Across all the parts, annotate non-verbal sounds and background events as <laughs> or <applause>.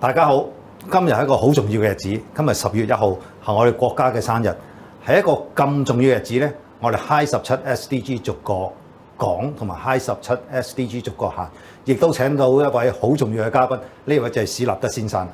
大家好，今日係一個好重要嘅日子。今日十月一號係我哋國家嘅生日，係一個咁重要嘅日子呢，我哋 High 十七 S D G 逐個講，同埋 High 十七 S D G 逐個行，亦都請到一位好重要嘅嘉賓。呢位就係史立德先生。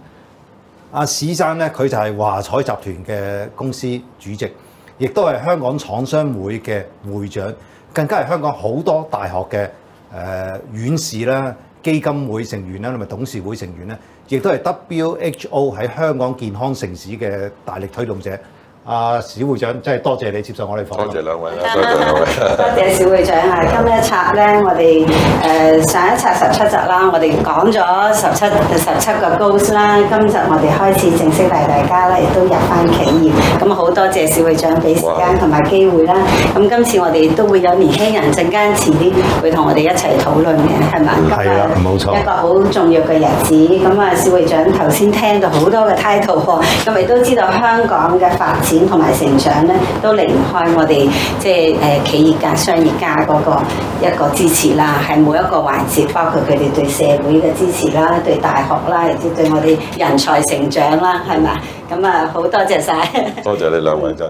啊、史生呢，佢就係華彩集團嘅公司主席，亦都係香港廠商會嘅會長，更加係香港好多大學嘅誒、呃、院士啦、基金會成員啦，同埋董事會成員咧。亦都係 WHO 喺香港健康城市嘅大力推動者。啊，小會長，真係多謝你接受我哋訪問。多謝兩位啦，多謝兩位。多謝小 <laughs> 會長啊，今一集咧，我哋誒、呃、上一集十七集啦，我哋講咗十七十七個 goals 啦。今日我哋開始正式帶大家咧，亦都入翻企業，咁好多謝小會長俾時間同埋哇機會啦。咁今次我哋都會有年輕人陣間遲啲會同我哋一齊討論嘅，係嘛？係啦，冇錯，一個好重要嘅日子。咁啊，小會長頭先聽到好多嘅 title，喎，咁亦都知道香港嘅發展。同埋成長咧，都離唔開我哋即係誒、呃、企業家、商業家嗰個一個支持啦。係每一個環節，包括佢哋對社會嘅支持啦，對大學啦，亦即係對我哋人才成長啦，係咪？咁啊，好多謝晒！多謝你兩位真。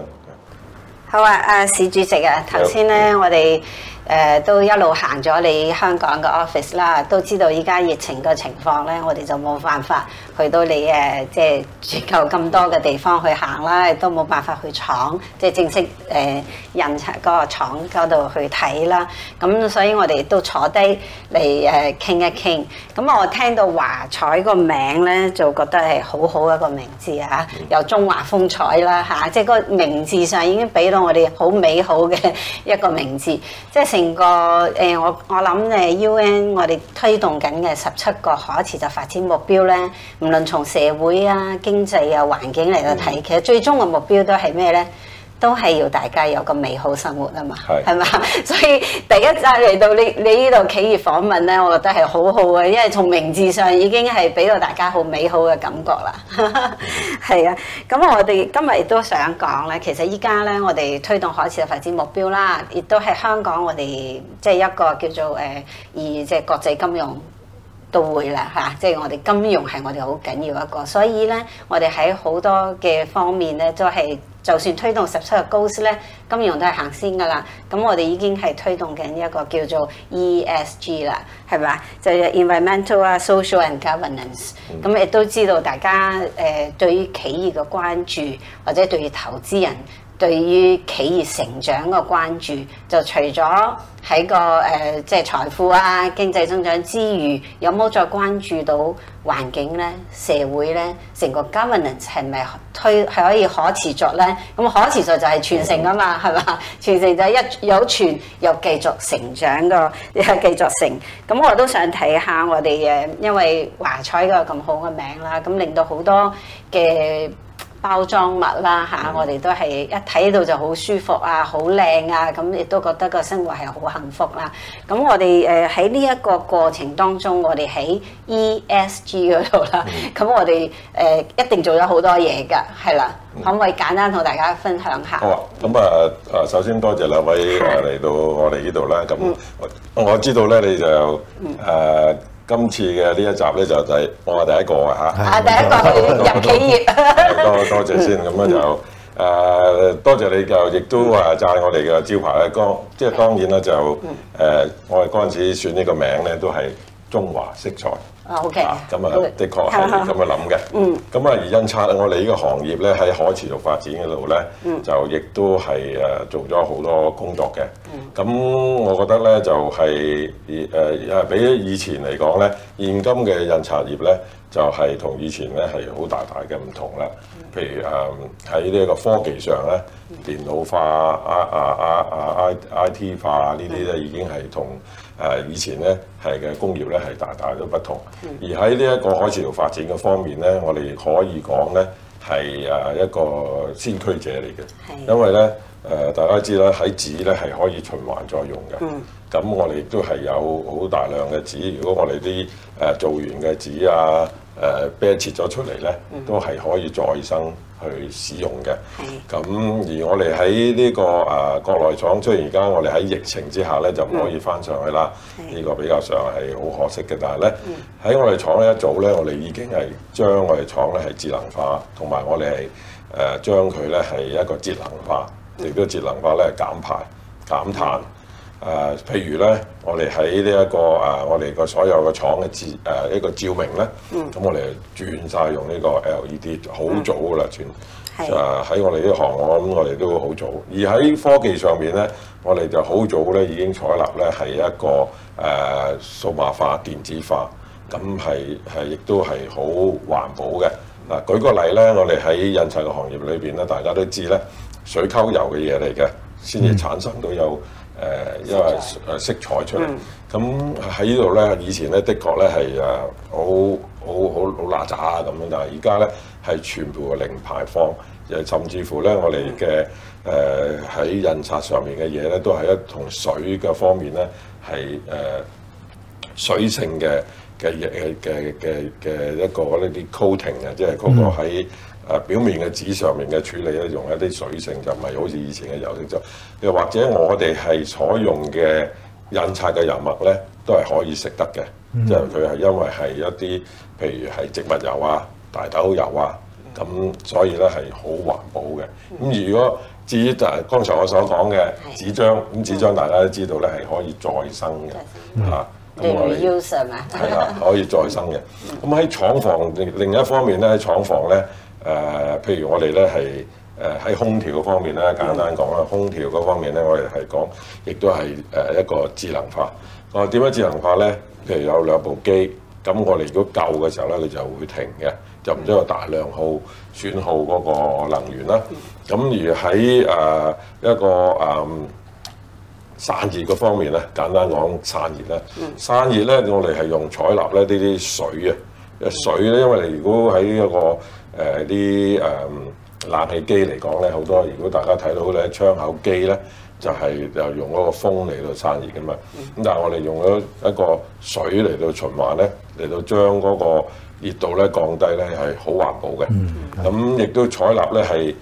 好啊，阿史主席啊，頭先咧，的我哋。誒、呃、都一路行咗你香港嘅 office 啦，都知道依家疫情嘅情況咧，我哋就冇辦法去到你誒、呃、即係全球咁多嘅地方去行啦，亦都冇辦法去廠，即係正式誒印刷嗰個廠嗰度去睇啦。咁所以我哋都坐低嚟，誒傾一傾，咁我聽到華彩個名咧，就覺得係好好一個名字啊！有中華風采啦吓、啊，即係個名字上已經俾到我哋好美好嘅一個名字，即係。成個誒、呃，我我諗誒 UN 我哋推動緊嘅十七個可持續發展目標咧，唔論從社會啊、經濟啊、環境嚟到睇，其實最終嘅目標都係咩咧？都係要大家有個美好生活啊嘛，係嘛是？所以第一站嚟到你你呢度企業訪問咧，我覺得係好好、啊、嘅，因為從名字上已經係俾到大家好美好嘅感覺啦。係 <laughs> 啊，咁我哋今日亦都想講咧，其實依家咧，我哋推動海事嘅發展目標啦，亦都係香港我哋即係一個叫做誒、呃，而即係國際金融。都會啦，嚇、啊！即係我哋金融係我哋好緊要一個，所以呢，我哋喺好多嘅方面呢，都係就算推動十七個 goals 咧，金融都係行先噶啦。咁我哋已經係推動緊呢一個叫做 ESG 啦，係咪？就 Environmental 啊，Social and Governance、嗯。咁亦、嗯嗯、都知道大家誒、呃、對於企業嘅關注，或者對於投資人。對於企業成長個關注，就除咗喺個誒、呃、即係財富啊、經濟增長之餘，有冇再關注到環境咧、社會咧，成個 governance 係咪推係可以可持續咧？咁可持續就係傳承噶嘛，係嘛？傳承就係一有傳又繼續成長個繼續成。咁我都想睇下我哋誒，因為華彩個咁好嘅名啦，咁令到好多嘅。包裝物啦嚇、啊，我哋都係一睇到就好舒服啊，好靚啊，咁亦都覺得個生活係好幸福啦。咁、啊、我哋誒喺呢一個過程當中，我哋喺 ESG 嗰度啦，咁、嗯、我哋誒、呃、一定做咗好多嘢㗎，係啦，嗯、可唔可以簡單同大家分享下？好啊，咁啊啊，首先多謝兩位嚟到我哋呢度啦。咁我知道咧，你就誒。啊今次嘅呢一集咧，就第我係第一個啊啊第一個入企業， <laughs> 多多，多，多謝先咁咧 <laughs> 就誒、呃、多謝你就亦都誒讚我哋嘅招牌咧，當即係、呃、當然咧就誒我哋嗰陣時選呢個名咧都係中華色彩。啊、oh，OK，咁啊，的確係咁樣諗嘅。嗯，咁啊，而印刷咧，我哋呢個行業咧，喺可持續發展嗰度咧，嗯、就亦都係誒做咗好多工作嘅。咁、嗯、我覺得咧，就係、是、誒，啊、呃，比以前嚟講咧，現今嘅印刷業咧，就係、是、同以前咧係好大大嘅唔同啦。譬如誒，喺呢個科技上咧，電腦化啊啊啊啊 IT 化呢啲咧，已經係同。誒以前咧係嘅工業咧係大大都不同，嗯、而喺呢一個海潮發展嘅方面咧，我哋可以講咧係誒一個先驅者嚟嘅。的因為咧誒、呃、大家知啦，喺紙咧係可以循環再用嘅，咁、嗯、我哋亦都係有好大量嘅紙，如果我哋啲誒做完嘅紙啊誒啤、呃、切咗出嚟咧，都係可以再生。去使用嘅，咁而我哋喺呢個誒、呃、國內廠，雖然而家我哋喺疫情之下咧就唔可以翻上去啦，呢、嗯、個比較上係好可惜嘅。但係咧喺我哋廠咧一早咧，我哋已經係將我哋廠咧係智能化，同埋我哋係誒將佢咧係一個節能化，亦都節能化咧減排減碳。誒、呃，譬如咧，我哋喺呢一個誒、呃，我哋個所有嘅廠嘅照誒一個照明咧，咁、嗯、我哋轉晒用呢個 L E D，好早噶啦，轉誒喺我哋呢行，我諗我哋都好早。而喺科技上面咧，我哋就好早咧已經採納咧係一個誒數碼化、電子化，咁係係亦都係好環保嘅嗱、呃。舉個例咧，我哋喺印刷嘅行業裏邊咧，大家都知咧，水溝油嘅嘢嚟嘅，先至產生到有。嗯誒，因為誒色、嗯、色彩出嚟，咁喺呢度咧，以前咧，的確咧係誒好好好好嗱喳啊咁樣，但係而家咧係全部零排放，誒甚至乎咧，我哋嘅誒喺印刷上面嘅嘢咧，都係一同水嘅方面咧係誒水性嘅嘅嘅嘅嘅嘅一個呢啲 coating 啊，即係嗰個喺。誒表面嘅紙上面嘅處理咧，用一啲水性就唔係好似以前嘅油性就，又或者我哋係所用嘅印刷嘅油墨咧，都係可以食得嘅，即係佢係因為係一啲譬如係植物油啊、大豆油啊，咁所以咧係好環保嘅。咁、嗯、如果至於就係剛才我所講嘅紙張，咁紙張大家都知道咧係可以再生嘅，嚇的，咁、嗯、我哋會用啊，係啊，可以再生嘅。咁喺廠房另另一方面咧，喺廠房咧。誒、呃，譬如我哋咧係誒喺空調嗰方面咧，簡單講啦，嗯、空調嗰方面咧，我哋係講，亦都係誒、呃、一個智能化。我、啊、點樣智能化咧？譬如有兩部機，咁我哋如果夠嘅時候咧，你就會停嘅，就唔需要大量耗損耗嗰個能源啦。咁、啊、而喺誒、呃、一個誒、呃、散熱嗰方面咧，簡單講散熱咧，嗯、散熱咧，我哋係用採納咧呢啲水啊，水咧，因為，因為你如果喺一、這個誒啲誒冷氣機嚟講咧，好多。如果大家睇到咧，窗口機咧就係、是、就用嗰個風嚟到散熱㗎嘛。咁、嗯、但係我哋用咗一個水嚟到循環咧，嚟到將嗰個熱度咧降低咧係好環保嘅。咁亦都採納咧係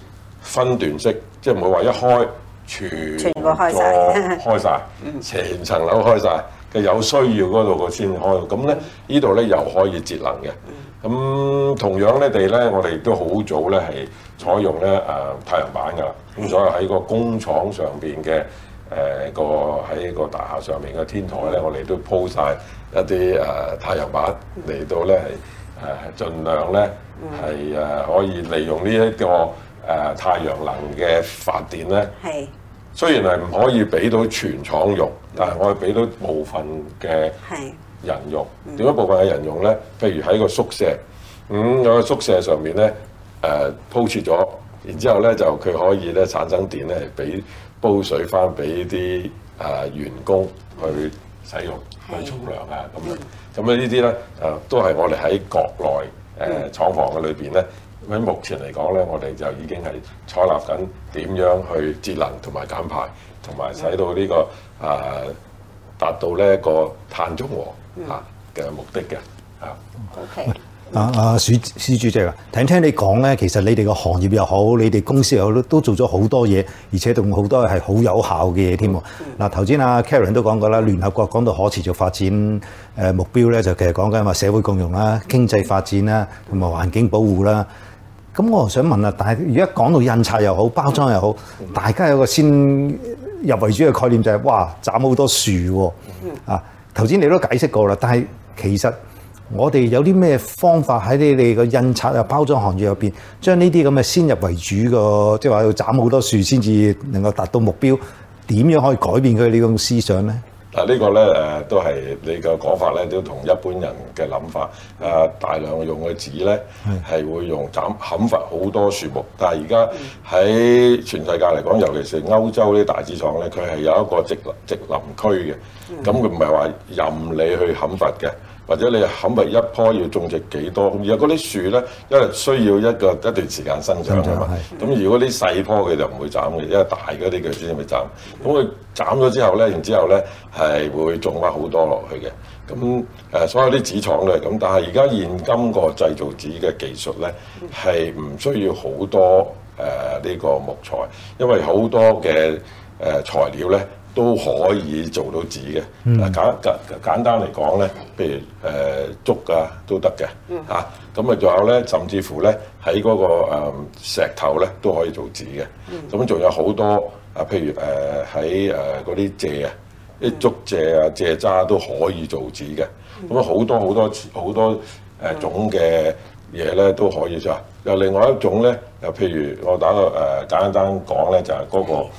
分段式，即係唔會話一開全個開晒，全層樓開晒，嘅 <laughs> 有需要嗰度個先開。咁咧呢度咧又可以節能嘅。咁、嗯、同樣地呢，哋咧、呃是呃，我哋都好早咧係採用咧誒太陽板噶啦，咁所以喺個工廠上邊嘅誒個喺個大廈上面嘅天台咧，我哋都鋪晒一啲誒太陽板嚟到咧係誒盡量咧係誒可以利用呢、這、一個誒、呃、太陽能嘅發電咧。係是雖然係唔可以俾到全廠用，但係我係俾到部分嘅。係。人用點一部分嘅人用咧？譬如喺個宿舍，咁喺個宿舍上面咧，誒鋪設咗，然之後咧就佢可以咧產生電咧，俾煲水翻，俾啲啊員工去使用，去沖涼啊咁樣。咁啊呢啲咧，啊都係我哋喺國內誒廠房嘅裏邊咧，喺目前嚟講咧，我哋就已經係採納緊點樣去節能同埋減排，同埋使到呢個啊達到呢個碳中和。嚇嘅目的嘅嚇。OK 啊。啊啊，施施主席啊，聽聽你講咧，其實你哋個行業又好，你哋公司又好，都做咗好多嘢，而且仲好多係好有效嘅嘢添。嗱頭先阿 Karen 都講過啦，聯合國講到可持續發展誒目標咧，就其實講緊話社會共融啦、經濟發展啦同埋環境保護啦。咁我啊想問啊，但係而家講到印刷又好、包裝又好，mm hmm. 大家有個先入為主嘅概念就係，哇斬好多樹喎。Mm hmm. 啊。頭先你都解釋過啦，但係其實我哋有啲咩方法喺你哋個印刷啊、包裝行業入邊，將呢啲咁嘅先入為主嘅，即係話要斬好多樹先至能夠達到目標，點樣可以改變佢呢種思想咧？嗱呢個咧誒都係你個講法咧，都同一般人嘅諗法。誒、呃、大量用嘅紙咧，係是會用砍砍伐好多樹木。但係而家喺全世界嚟講，尤其是歐洲啲大紙廠咧，佢係有一個植植林區嘅。咁佢唔係話任你去砍伐嘅。是或者你係肯一棵要種植幾多。咁而家嗰啲樹咧，因為需要一個一段時間生長啊嘛。咁長如果啲細棵嘅就唔會斬嘅，因為大嗰啲嘅先至咪斬。咁佢斬咗之後咧，然之後咧係會種翻好多落去嘅。咁誒、呃、所有啲紙廠嘅咁，但係而家現今個製造紙嘅技術咧係唔需要好多誒呢、呃呢個木材，因為好多嘅誒、呃、材料咧，都可以做到紙嘅，嗯啊，簡簡簡單嚟講咧，譬如誒、呃、竹啊都得嘅嚇。咁、嗯、啊仲有咧，甚至乎咧喺嗰個石頭咧都可以做紙嘅。咁仲，嗯、有好多啊，譬如誒喺誒嗰啲蔗啊，啲竹蔗啊、蔗渣都可以做紙嘅。咁啊好多好多好多誒種嘅嘢咧都可以做。又，嗯嗯、另外一種咧，又譬如我打個誒簡單講咧，那個，就係嗰個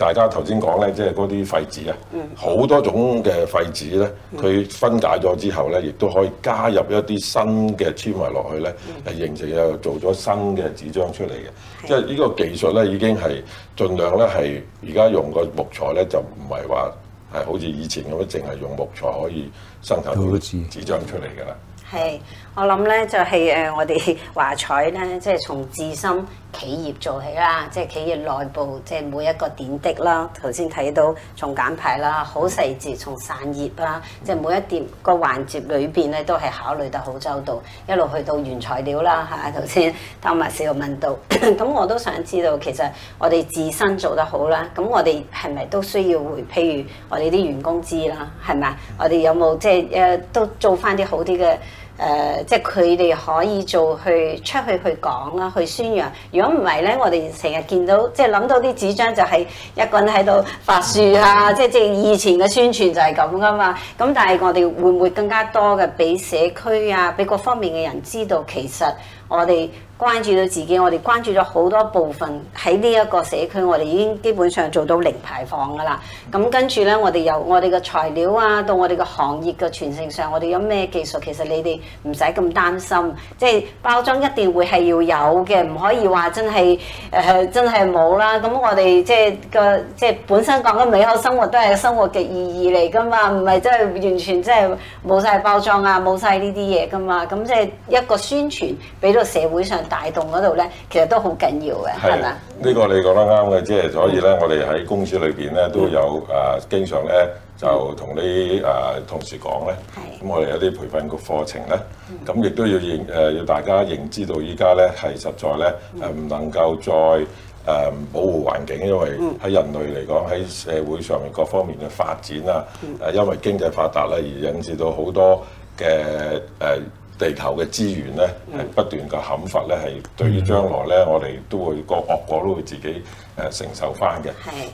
大家頭先講咧，即係嗰啲廢紙啊，好、嗯、多種嘅廢紙咧，佢、嗯、分解咗之後咧，亦都可以加入一啲新嘅纖維落去咧，係、嗯、形成又做咗新嘅紙張出嚟嘅。嗯、即係呢個技術咧已經係盡、嗯、量咧係而家用個木材咧就唔係話係好似以前咁樣，淨係用木材可以生產到紙張出嚟㗎啦。係、嗯嗯，我諗咧就係、是、誒，我哋華彩咧，即係從自身。企業做起啦，即係企業內部即係每一個點滴啦。頭先睇到從減排啦，好細節，從散熱啦，即係每一點個環節裏邊咧都係考慮得好周到，一路去到原材料啦嚇。頭先當埋小玉問到，咁 <coughs> 我都想知道其實我哋自身做得好啦，咁我哋係咪都需要回，譬如我哋啲員工知啦，係咪啊？我哋有冇即係誒、呃、都做翻啲好啲嘅？誒、呃，即係佢哋可以做去出去去講啦，去宣揚。如果唔係呢，我哋成日見到，即係諗到啲紙張就係一個人喺度伐樹啊，即係即係以前嘅宣傳就係咁噶嘛。咁但係我哋會唔會更加多嘅，俾社區啊，俾各方面嘅人知道其實？我哋關注到自己，我哋關注咗好多部分喺呢一個社區我哋已經基本上做到零排放噶啦。咁跟住咧，我哋由我哋嘅材料啊，到我哋嘅行業嘅傳承上，我哋有咩技術？其實你哋唔使咁擔心。即係包裝一定會係要有嘅，唔可以話真係誒、呃、真係冇啦。咁我哋即係個即係本身講緊美好生活都係生活嘅意義嚟噶嘛，唔係真係完全真係冇晒包裝啊，冇晒呢啲嘢噶嘛。咁即係一個宣傳俾到。個社會上帶動嗰度咧，其實都好緊要嘅，係嘛是？呢吧個你講得啱嘅，即、就、係、是、所以咧，我哋喺公司裏邊咧都有誒、嗯啊，經常咧就同啲誒同事講咧。係、嗯。咁我哋有啲培訓個課程咧，咁亦、嗯、都要認誒，要、呃、大家認知到依家咧係實在咧誒，唔、嗯呃、能夠再誒、呃、保護環境，因為喺人類嚟講，喺社會上面各方面嘅發展啊，誒、嗯呃，因為經濟發達啦，而引致到好多嘅誒。呃呃呃呃地球嘅資源咧，係不斷嘅砍伐咧，係對於將來咧，我哋都會個個都會自己誒、呃、承受翻嘅。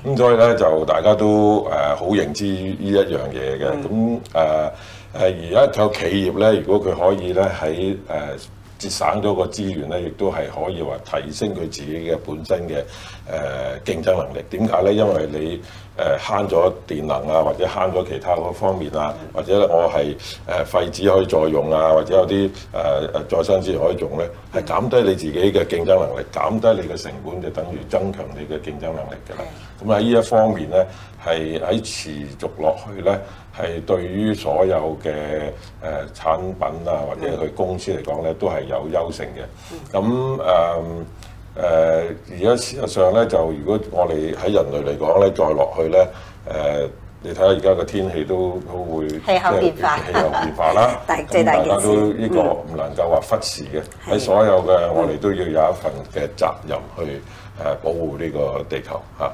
咁所以咧，就大家都誒好、呃、認知呢一樣嘢嘅。咁誒誒，而家個企業咧，如果佢可以咧喺誒。省咗個資源咧，亦都係可以話提升佢自己嘅本身嘅誒、呃、競爭能力。點解咧？因為你誒慳咗電能啊，或者慳咗其他嗰方面啊，嗯、或者咧我係誒廢紙可以再用啊，嗯、或者有啲誒誒再生資源可以用咧，係減、嗯、低你自己嘅競爭能力，減低你嘅成本，就等於增強你嘅競爭能力㗎啦。咁喺呢一方面咧，係喺持續落去咧。係對於所有嘅誒、呃、產品啊，或者佢公司嚟講咧，都係有優勝嘅。咁誒誒，而家、呃、事實上咧，就如果我哋喺人類嚟講咧，再落去咧，誒、呃，你睇下而家個天氣都都會化即係氣候變化啦。大家都呢個唔能夠話忽視嘅。喺所有嘅我哋都要有一份嘅責任去誒保護呢個地球嚇。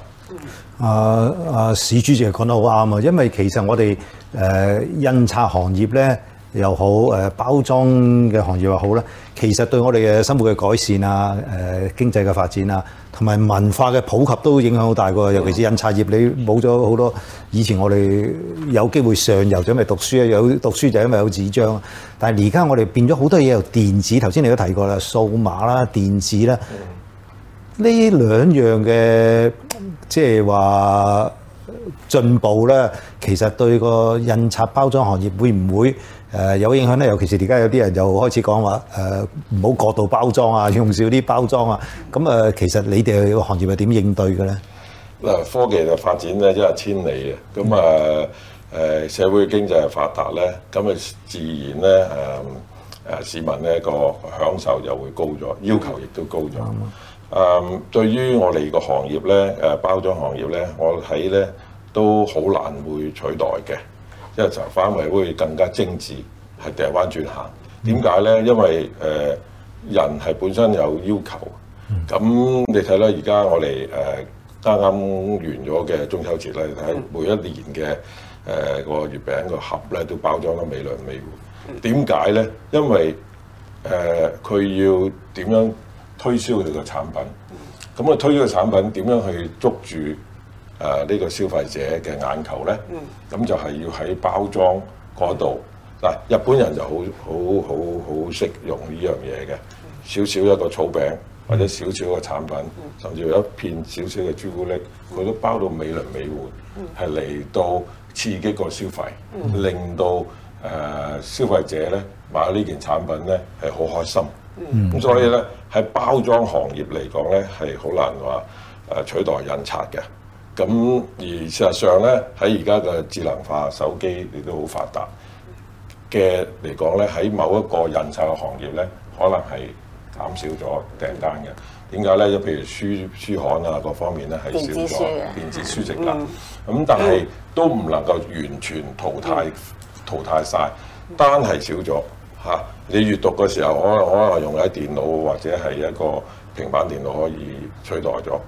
啊啊！史主席講得好啱啊，因為其實我哋誒、呃、印刷行業咧又好誒包裝嘅行業又好啦，其實對我哋嘅生活嘅改善啊、誒、呃、經濟嘅發展啊，同埋文化嘅普及都影響好大噶。尤其是印刷業，你冇咗，好多以前我哋有機會上游就因為讀書啊，有讀書就因為有紙張。但係而家我哋變咗好多嘢，由電子。頭先你都提過啦，數碼啦、電子啦。兩呢兩樣嘅即係話進步咧，其實對個印刷包裝行業會唔會誒、呃、有影響咧？尤其是而家有啲人又開始講話誒，唔、呃、好過度包裝啊，用少啲包裝啊。咁、嗯、誒，其實你哋個行業係點應對嘅咧？嗱，科技嘅發展咧一日千里嘅，咁啊誒、嗯、社會經濟係發達咧，咁啊自然咧誒誒市民咧個享受就會高咗，要求亦都高咗。嗯嗯嗯誒、um, 對於我哋個行業咧，誒、啊、包裝行業咧，我睇咧都好難會取代嘅，因為就範圍會更加精緻，係掉彎轉行。點解咧？因為誒、呃、人係本身有要求，咁你睇啦，而家我哋誒啱啱完咗嘅中秋節咧，你睇每一年嘅誒個月餅個盒咧都包裝得美輪美奐。點解咧？因為誒佢、呃、要點樣？推銷佢哋嘅產品，咁啊推銷呢個產品點樣去捉住誒呢個消費者嘅眼球咧？咁就係要喺包裝嗰度嗱，日本人就好好好好識用呢樣嘢嘅，少少一個草餅或者少少嘅產品，甚至有一片少少嘅朱古力，佢都包到美輪美奐，係嚟到刺激個消費，令到誒消費者咧買呢件產品咧係好開心。咁、嗯、所以咧喺包裝行業嚟講咧係好難話誒、呃、取代印刷嘅，咁而事實上咧喺而家嘅智能化手機亦都好發達嘅嚟講咧喺某一個印刷嘅行業咧可能係減少咗訂單嘅，點解咧？就譬如書書刊啊各方面咧係少咗電子書籍啦，咁、嗯、但係都唔能夠完全淘汰、嗯、淘汰晒，單係少咗。嚇！你閲讀嘅時候，可能可能用喺電腦或者係一個平板電腦可以取代咗。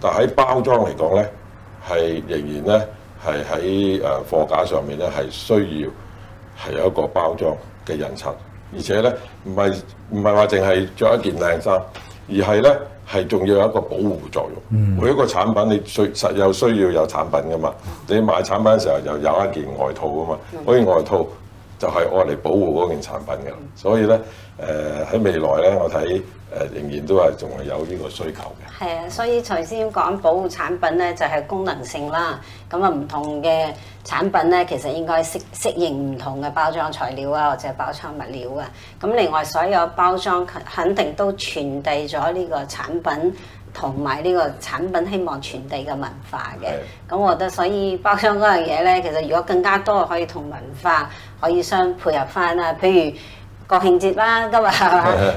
但喺包裝嚟講咧，係仍然咧係喺誒貨架上面咧係需要係有一個包裝嘅印刷，而且咧唔係唔係話淨係着一件靚衫，而係咧係仲要有一個保護作用。嗯、每一個產品你需實有需要有產品㗎嘛？你賣產品嘅時候就有一件外套㗎嘛？可以、嗯、外套。就係愛嚟保護嗰件產品嘅，所以咧誒喺未來咧，我睇誒、呃、仍然都係仲係有呢個需求嘅。係啊，所以頭先講保護產品咧，就係、是、功能性啦。咁啊，唔同嘅產品咧，其實應該適適應唔同嘅包裝材料啊，或者包裝物料啊。咁另外，所有包裝肯定都傳遞咗呢個產品。同埋呢個產品希望傳遞嘅文化嘅，咁的我覺得所以包裝嗰樣嘢呢，其實如果更加多可以同文化可以相配合翻啦，譬如國慶節啦，今日係。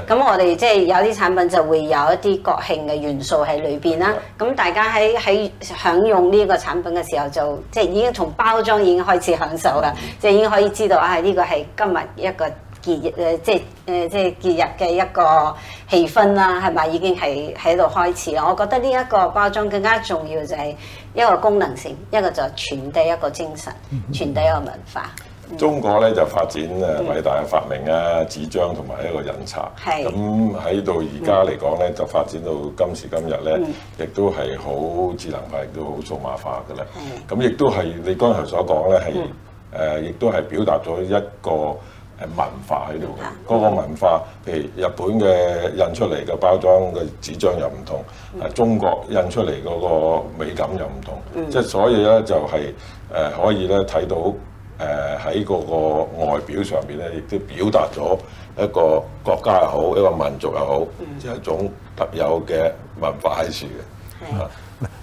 咁我哋即係有啲產品就會有一啲國慶嘅元素喺裏邊啦。咁的大家喺喺享用呢個產品嘅時候就，就即係已經從包裝已經開始享受啦，的即係已經可以知道啊，呢個係今日一個。節即係誒即係節日嘅一個氣氛啦，係咪已經係喺度開始啦？我覺得呢一個包裝更加重要就係一個功能性，一個就係傳遞一個精神，傳遞一個文化。中國咧就發展誒偉大嘅發明啊，紙張同埋一個印刷。係咁喺到而家嚟講咧，嗯、就發展到今時今日咧，嗯、亦都係好智能化，亦都好數碼化嘅啦。咁、嗯、亦都係你剛才所講咧，係誒、嗯呃呃、亦都係表達咗一個。係文化喺度，嗰、嗰個文化，譬如日本嘅印出嚟嘅包裝嘅紙張又唔同，係中國印出嚟嗰個美感又唔同，嗯、即係所以咧就係、是、誒可以咧睇到誒喺嗰個外表上邊咧，亦都表達咗一個國家又好，一個民族又好，即係、嗯、一種特有嘅文化喺處嘅。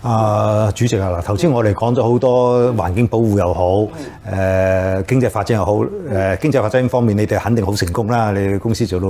啊、呃、主席啊，嗱，頭先我哋講咗好多環境保護又好，誒的、呃、經濟發展又好，誒、呃、經濟發展方面，你哋肯定好成功啦！你哋公司做到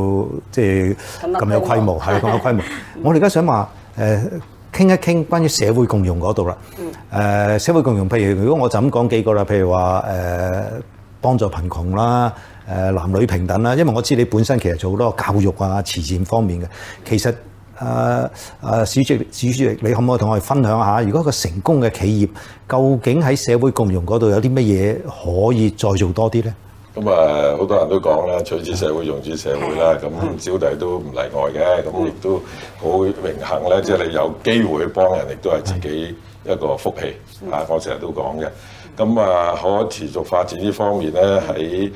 即係咁有規模，係咁有規模。的我哋而家想話誒傾一傾關於社會共融嗰度啦。誒、呃、社會共融，譬如如果我就咁講幾個啦，譬如話誒、呃、幫助貧窮啦，誒、呃、男女平等啦，因為我知你本身其實做好多教育啊、慈善方面嘅，其實。誒誒，史主席，史主席，你可唔可以同我哋分享下？如果一個成功嘅企業，究竟喺社會共融嗰度有啲乜嘢可以再做多啲咧？咁啊，好多人都講啦，取之社會，用之社會啦。咁小弟都唔例外嘅。咁亦都好榮幸咧，即係的你有機會去幫人，亦都係自己一個福氣嚇。的我成日都講嘅。咁啊，可持續發展呢方面咧，喺誒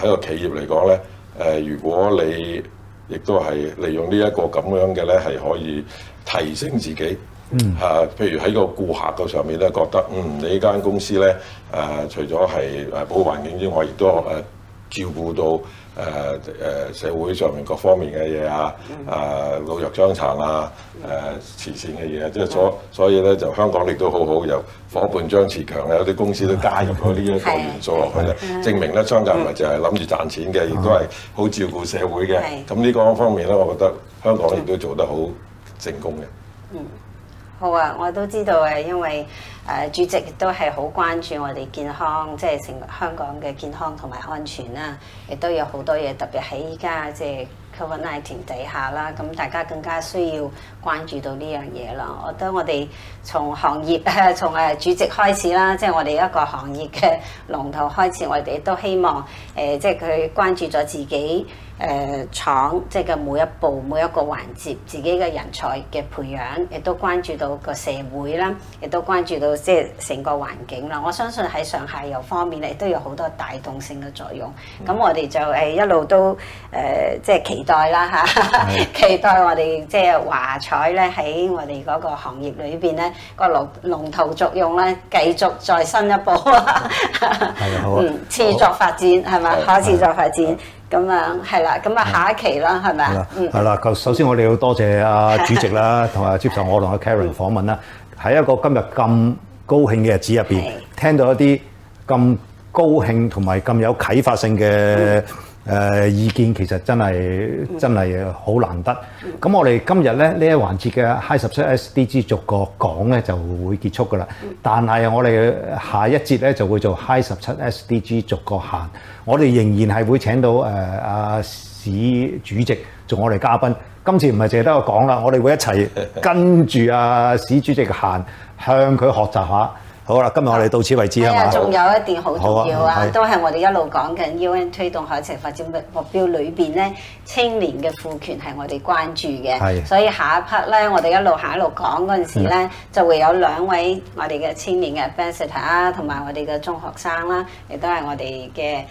喺個企業嚟講咧，誒如果你亦都係利用呢一個咁樣嘅咧，係可以提升自己。嗯，嚇、啊，譬如喺個顧客個上面咧，覺得嗯，你呢間公司咧，誒、啊，除咗係誒保護環境之外，亦都誒、啊，照顧到。誒誒社會上面各方面嘅嘢啊，誒老弱傷殘啊，誒慈善嘅嘢，即係所所以咧就香港亦都好好，由伙伴張慈強啊，有啲公司都加入咗呢一個元素落去咧，證明咧商界唔係就係諗住賺錢嘅，亦都係好照顧社會嘅。咁呢個方面咧，我覺得香港亦都做得好成功嘅。好啊！我都知道誒、啊，因為誒、呃、主席亦都係好關注我哋健康，即係成香港嘅健康同埋安全啦、啊。亦都有好多嘢，特別喺依家即係 covid nineteen 底下啦，咁大家更加需要關注到呢樣嘢啦。我覺得我哋從行業，啊、從從主席開始啦，即、就、係、是、我哋一個行業嘅龍頭開始，我哋亦都希望誒，即係佢關注咗自己。誒廠、呃、即係嘅每一步每一個環節，自己嘅人才嘅培養，亦都關注到個社會啦，亦都關注到即係成個環境啦。我相信喺上下游方面咧，亦都有好多帶動性嘅作用。咁、嗯、我哋就誒、哎、一路都誒、呃、即係期待啦嚇，哈哈的期待我哋即係華彩咧喺我哋嗰個行業裏邊咧個龍龍頭作用咧，繼續再新一步哈哈好啊！嗯，持續發展係咪？可持續發展。咁樣係啦，咁啊下一期啦，係咪啊？係啦，首先我哋要多謝阿主席啦，同埋 <laughs> 接受我同阿 Karen 訪問啦。喺 <laughs> 一個今日咁高興嘅日子入邊，的聽到一啲咁高興同埋咁有啟發性嘅。誒、呃、意見其實真係、嗯、真係好難得，咁我哋今日咧，呢一環節嘅 High 十七 SDG 逐個講，咧就會結束㗎啦。但係我哋下一節咧，就會做 High 十七 SDG 逐個行，我哋仍然係會請到誒阿史主席做我哋嘉賓。今次唔係淨係得個講啦，我哋會一齊跟住阿史主席行，向佢學習下。好啦，今日我哋到此為止啊！仲好吧有一點好重要啊，好都係我哋一路講緊 UN 推動海嘯發展目標裏邊咧，青年嘅賦權係我哋關注嘅。係是，所以下一 part 咧，我哋一路行一路講嗰陣時咧，嗯、就會有兩位我哋嘅青年嘅 ambassador 啊，同埋我哋嘅中學生啦，亦都係我哋嘅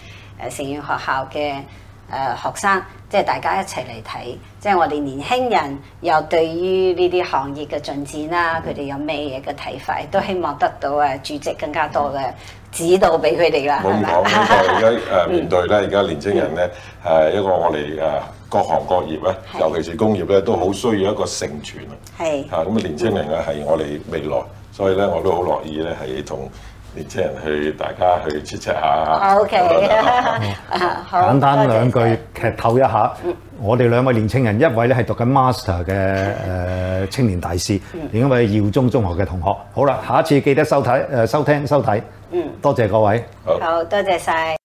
誒成員學校嘅。誒學生，即係大家一齊嚟睇，即係我哋年輕人又對於呢啲行業嘅進展啦，佢哋有咩嘢嘅睇法，都希望得到誒主席更加多嘅指導俾佢哋啦，好說，咪吧？冇錯，而家誒面對咧，而家年輕人咧，係、 <laughs> 嗯、一個我哋誒各行各業咧，是尤其是工業咧，都好需要一個承傳是啊。係吓咁啊，年輕人啊，係我哋未來，所以咧，我都好樂意咧，係同，年青人去，大家去 chat chat 下。OK 簡單兩句劇透一下。我哋兩位年青人，一位咧係讀緊 master 嘅誒、呃、青年大師，嗯、另一位耀中中學嘅同學。好啦，下一次記得收睇誒收聽收睇。嗯，多謝各位。好，好，多謝晒。